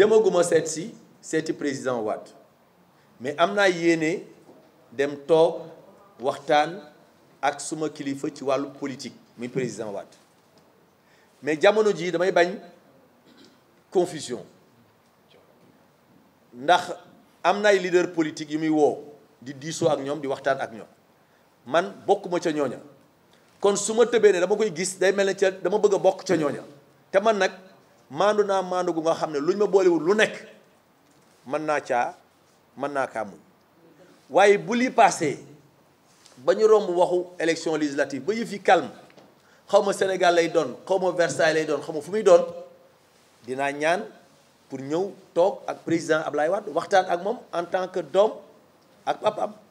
demaguma setti c'est président wat mais amna yene dem toog waxtan ak suma kilifa ci walu politique mi président wat mais jamono damay bagn confusion ndax amna na leader politique yumi wo di diso ak ñom di waxtan ak ñom man bokuma ca ñoña kon suma ma dama koy gis day melni ca dama bëgg bok ca man nak maandu naa maandu gu nga xam ne lu ñu ma boolewul lu nekk mën naa caa mën naa kaa muñ waaye bu li passé ba ñu romb waxu élection législative ba yëf yi calme xaw ma Sénégal lay doon xaw ma Versailles lay doon xaw ma fu muy doon dinaa ñaan pour ñëw toog ak président Ablaye Wade waxtaan ak moom en tant que doom ak papam